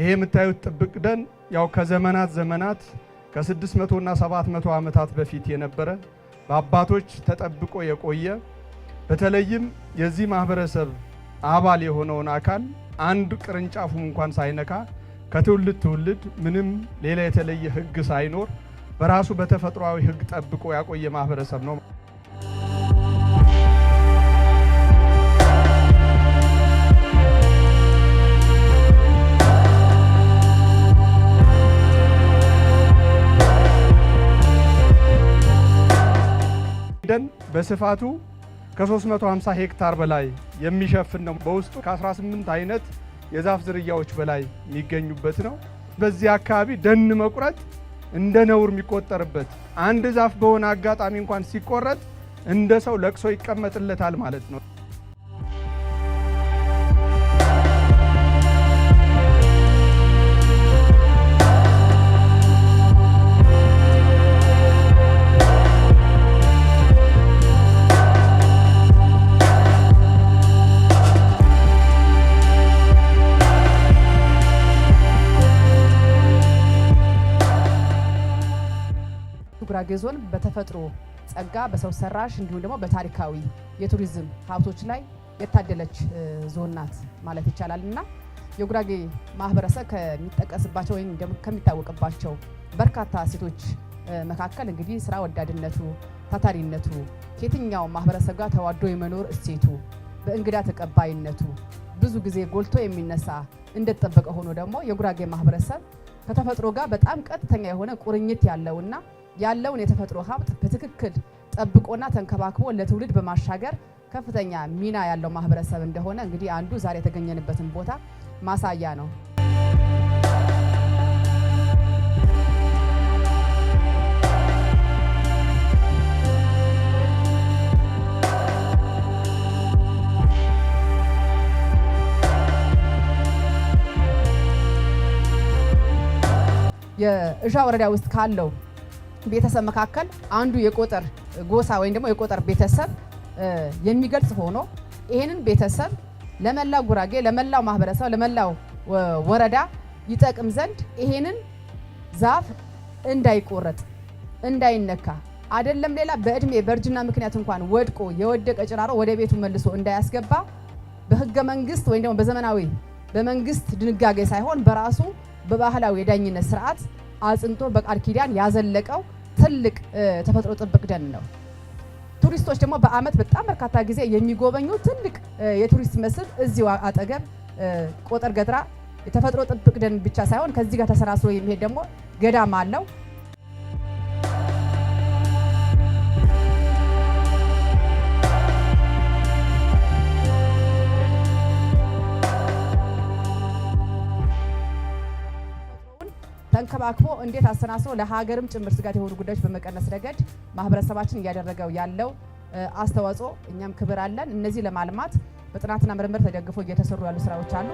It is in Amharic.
ይሄ የምታዩት ጥብቅ ደን ያው ከዘመናት ዘመናት ከ600 እና 700 ዓመታት በፊት የነበረ በአባቶች ተጠብቆ የቆየ በተለይም የዚህ ማህበረሰብ አባል የሆነውን አካል አንድ ቅርንጫፉ እንኳን ሳይነካ ከትውልድ ትውልድ ምንም ሌላ የተለየ ሕግ ሳይኖር በራሱ በተፈጥሯዊ ሕግ ጠብቆ ያቆየ ማህበረሰብ ነው። ደን በስፋቱ ከ350 ሄክታር በላይ የሚሸፍን ነው። በውስጡ ከ18 አይነት የዛፍ ዝርያዎች በላይ የሚገኙበት ነው። በዚህ አካባቢ ደን መቁረጥ እንደ ነውር የሚቆጠርበት አንድ ዛፍ በሆነ አጋጣሚ እንኳን ሲቆረጥ እንደ ሰው ለቅሶ ይቀመጥለታል ማለት ነው። ጉራጌ ዞን በተፈጥሮ ጸጋ፣ በሰው ሰራሽ እንዲሁም ደግሞ በታሪካዊ የቱሪዝም ሀብቶች ላይ የታደለች ዞን ናት ማለት ይቻላል እና የጉራጌ ማህበረሰብ ከሚጠቀስባቸው ወይም ከሚታወቅባቸው በርካታ ሴቶች መካከል እንግዲህ ስራ ወዳድነቱ፣ ታታሪነቱ፣ ከየትኛው ማህበረሰብ ጋር ተዋዶ የመኖር እሴቱ፣ በእንግዳ ተቀባይነቱ ብዙ ጊዜ ጎልቶ የሚነሳ እንደተጠበቀ ሆኖ ደግሞ የጉራጌ ማህበረሰብ ከተፈጥሮ ጋር በጣም ቀጥተኛ የሆነ ቁርኝት ያለውና ያለውን የተፈጥሮ ሀብት በትክክል ጠብቆና ተንከባክቦ ለትውልድ በማሻገር ከፍተኛ ሚና ያለው ማህበረሰብ እንደሆነ እንግዲህ አንዱ ዛሬ የተገኘንበትን ቦታ ማሳያ ነው። የእዣ ወረዳ ውስጥ ካለው ቤተሰብ መካከል አንዱ የቆጠር ጎሳ ወይም ደግሞ የቆጠር ቤተሰብ የሚገልጽ ሆኖ ይህንን ቤተሰብ ለመላው ጉራጌ፣ ለመላው ማህበረሰብ፣ ለመላው ወረዳ ይጠቅም ዘንድ ይሄንን ዛፍ እንዳይቆረጥ እንዳይነካ አይደለም ሌላ በእድሜ በእርጅና ምክንያት እንኳን ወድቆ የወደቀ ጭራሮ ወደ ቤቱ መልሶ እንዳያስገባ በህገ መንግስት ወይም ደግሞ በዘመናዊ በመንግስት ድንጋጌ ሳይሆን በራሱ በባህላዊ የዳኝነት ስርዓት አጽንቶ በቃል ኪዳን ያዘለቀው ትልቅ ተፈጥሮ ጥብቅ ደን ነው። ቱሪስቶች ደግሞ በዓመት በጣም በርካታ ጊዜ የሚጎበኙ ትልቅ የቱሪስት መስህብ እዚሁ አጠገብ ቆጠር ገትራ የተፈጥሮ ጥብቅ ደን ብቻ ሳይሆን ከዚህ ጋር ተሰራስሮ የሚሄድ ደግሞ ገዳም አለው። ተንከባክቦ እንዴት አሰናስሮ ለሀገርም ጭምር ስጋት የሆኑ ጉዳዮች በመቀነስ ረገድ ማህበረሰባችን እያደረገው ያለው አስተዋጽኦ እኛም ክብር አለን። እነዚህ ለማልማት በጥናትና ምርምር ተደግፎ እየተሰሩ ያሉ ስራዎች አሉ።